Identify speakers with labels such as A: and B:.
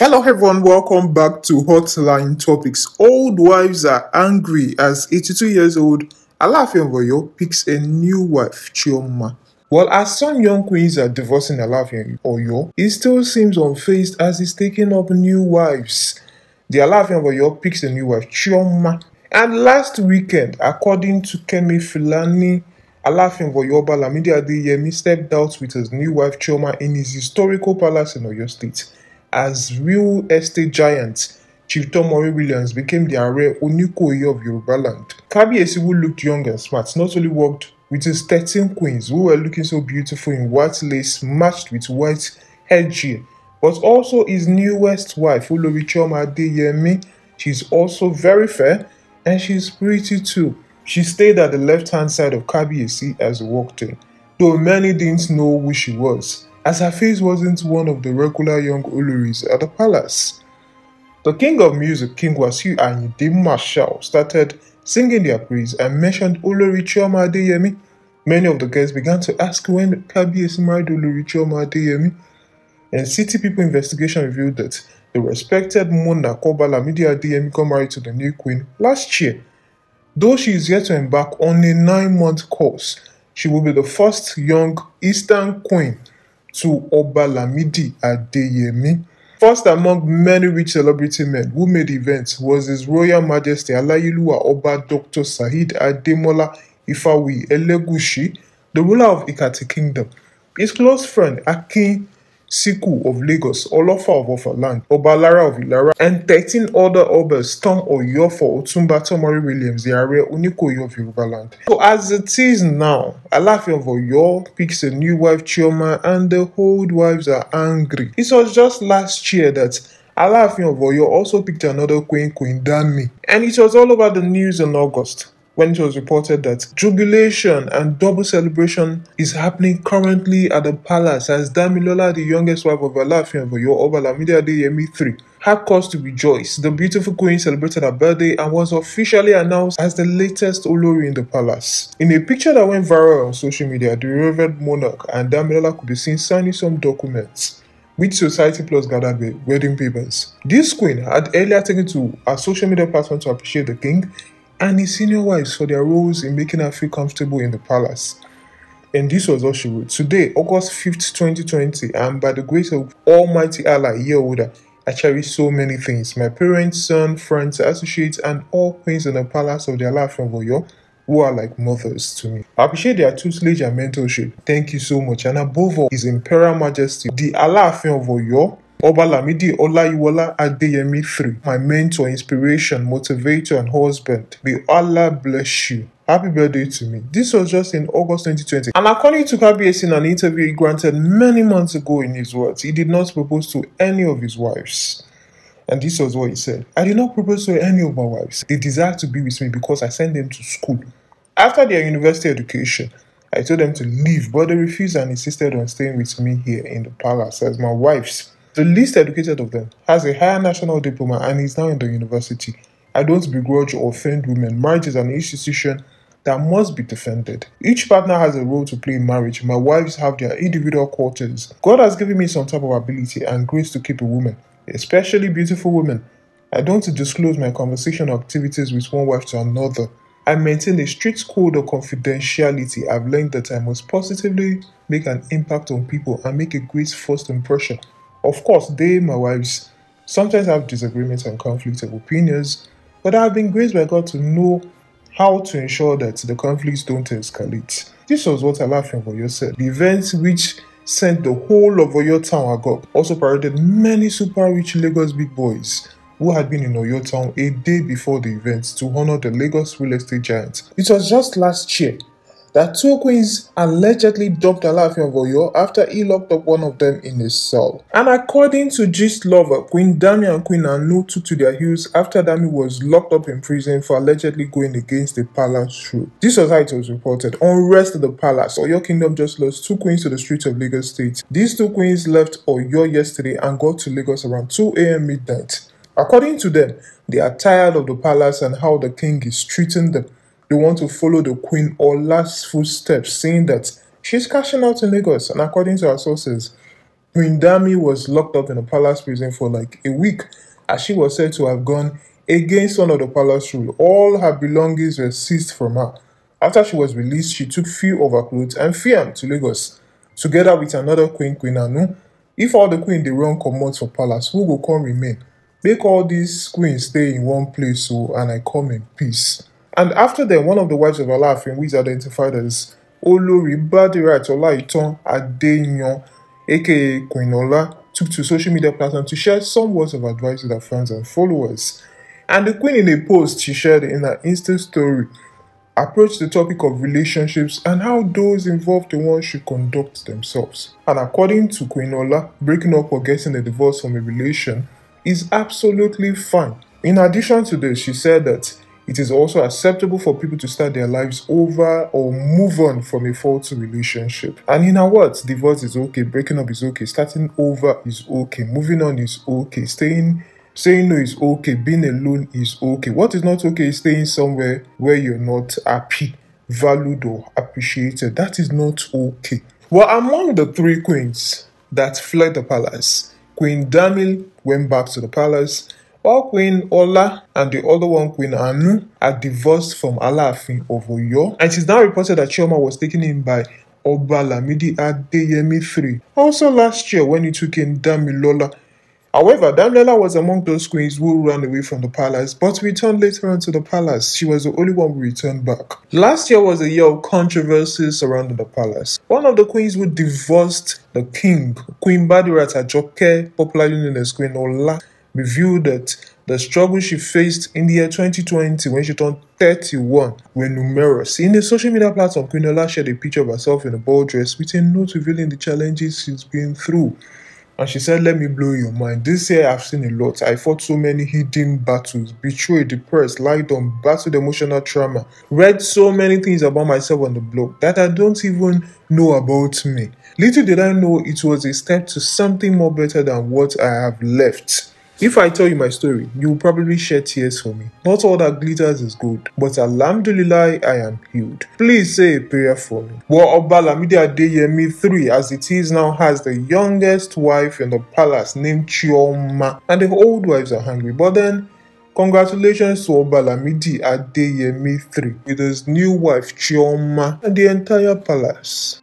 A: Hello, everyone. Welcome back to Hotline Topics. Old wives are angry as 82 years old Alafin Oyo picks a new wife, Chioma. While as some young queens are divorcing Alaafin Oyo, he still seems unfazed as he's taking up new wives. The Alaafin Oyo picks a new wife, Chioma. And last weekend, according to Kemi Filani, Alaafin Oyo Balamide Adeyemi stepped out with his new wife Chioma in his historical palace in Oyo State as real estate giants Chitomori Williams became the Are Onikoye of land. Kabi who looked young and smart, not only worked with his 13 queens who were looking so beautiful in white lace matched with white headgear, but also his newest wife, Olori Chioma Adeyemi. She's also very fair and she's pretty too. She stayed at the left hand side of Kabi Esi as he walked in, though many didn't know who she was as her face wasn't one of the regular young Uluris at the palace. The king of music, King Wasiu Ayinde Marshall, started singing their praise and mentioned Olori Chioma Adeyemi. Many of the guests began to ask when Kabiyesi married Olori Chioma Adeyemi, and city people investigation revealed that the respected Mona Kobala Media Adeyemi got married to the new queen last year. Though she is yet to embark on a nine-month course, she will be the first young Eastern queen to Obalamidi Adeyemi. First among many rich celebrity men who made events was His Royal Majesty Alayelua Oba Dr. Saheed Ademola Ifawi Elegushi, the ruler of Ikati Kingdom. His close friend Akin Siku of Lagos, Olofa of Ofaland, Obalara of Ilara, and 13 other obas storm Oyo for Otumba Tomori Williams, the area Unikoyo of Yorubaland. So as it is now, Alaafin of Oyo picks a new wife Chioma and the old wives are angry. It was just last year that Alaafin of Oyo also picked another queen, Queen Dami, and it was all over the news in August when it was reported that jubilation and double celebration is happening currently at the palace as Damilola, the youngest wife of Alaafin of Oyo, Oba Lamide Adeyemi III, had cause to rejoice. The beautiful queen celebrated her birthday and was officially announced as the latest Olori in the palace. In a picture that went viral on social media, the revered monarch and Damilola could be seen signing some documents which Society Plus gathered wedding papers. This queen had earlier taken to her social media platform to appreciate the king and his senior wives for their roles in making her feel comfortable in the palace. And this was all she wrote. Today, August 5th, 2020, and by the grace of Almighty Allah, a year older, I cherish so many things. My parents, son, friends, associates, and all queens in the palace of the life in Voyo who are like mothers to me. I appreciate their tutelage and mentorship. Thank you so much. And above all, His Imperial Majesty, the Alaafin of Oyo, Obalamidi Olayiwola Adeyemi III, my mentor, inspiration, motivator, and husband. May Allah bless you. Happy birthday to me. This was just in August 2020. And according to KBS in an interview he granted many months ago in his words, he did not propose to any of his wives. And this was what he said. I did not propose to any of my wives. They desired to be with me because I sent them to school. After their university education, I told them to leave, but they refused and insisted on staying with me here in the palace as my wives. The least educated of them has a higher national diploma and is now in the university. I don't begrudge or offend women. Marriage is an institution that must be defended. Each partner has a role to play in marriage. My wives have their individual quarters. God has given me some type of ability and grace to keep a woman, especially beautiful women. I don't disclose my conversational activities with one wife to another. I maintain a strict code of confidentiality. I've learned that I must positively make an impact on people and make a great first impression. Of course, they, my wives, sometimes have disagreements and conflicts of opinions, but I have been graced by God to know how to ensure that the conflicts don't escalate. This was what I for you said. The events which sent the whole of Oyo town agog also paraded many super rich Lagos big boys who had been in Oyo town a day before the event to honor the Lagos real estate giant. It was just last year that two queens allegedly dumped Alaafin of Oyo after he locked up one of them in his cell. And according to Gist Lover, Queen Dami and Queen Anu took to their heels after Dami was locked up in prison for allegedly going against the palace troop. This was how it was reported. Unrest of the palace, Oyo Kingdom just lost two queens to the streets of Lagos State. These two queens left Oyo yesterday and got to Lagos around 2 a.m. midnight. According to them, they are tired of the palace and how the king is treating them they want to follow the Queen or last footsteps, saying that she's cashing out in Lagos. And according to our sources, Queen Dami was locked up in a palace prison for like a week as she was said to have gone against one of the palace rule. All her belongings were seized from her. After she was released, she took few of her clothes and Fiam to Lagos, together with another queen, Queen Anu. If all the queen they run commands for palace, who will come remain? Make all these queens stay in one place so oh, and I come in peace. And after them, one of the wives of Alaafin, who is identified as Olori Badirat Olaiton Adeyan, aka Queen Ola, took to social media platforms to share some words of advice with her friends and followers. And the Queen, in a post she shared in her Insta story, approached the topic of relationships and how those involved in one should conduct themselves. And according to Queen Ola, breaking up or getting a divorce from a relation is absolutely fine. In addition to this, she said that it is also acceptable for people to start their lives over or move on from a faulty relationship. And in our words, divorce is okay, breaking up is okay, starting over is okay, moving on is okay, staying saying no is okay, being alone is okay. What is not okay is staying somewhere where you're not happy, valued, or appreciated. That is not okay. Well, among the three queens that fled the palace, Queen Damil went back to the palace, all Queen Ola and the other one Queen Anu are divorced from Alaafin of Oyo and it is now reported that Chioma was taken in by Oba Lamidi Adeyemi III. Also last year when he took in Damilola. However, Damilola was among those queens who ran away from the palace but returned later on to the palace. She was the only one who returned back. Last year was a year of controversies surrounding the palace. One of the queens who divorced the king, Queen Badirat Ajoke, popularly known as Queen Ola, revealed that the struggles she faced in the year 2020 when she turned 31 were numerous. In a social media platform, Queen Ola shared a picture of herself in a ball dress with a note revealing the challenges she's been through. And she said, Let me blow your mind. This year I've seen a lot. I fought so many hidden battles, betrayed, depressed, lied on, battled emotional trauma, read so many things about myself on the blog that I don't even know about me. Little did I know it was a step to something more better than what I have left. If I tell you my story, you will probably shed tears for me. Not all that glitters is gold, but Alhamdulillah, I am healed. Please say a prayer for me. Well, Obala Lamide Adeyemi III, as it is now, has the youngest wife in the palace named Chioma, and the old wives are hungry. But then, Congratulations to Obala Midi Adeyemi III with his new wife Chioma and the entire palace.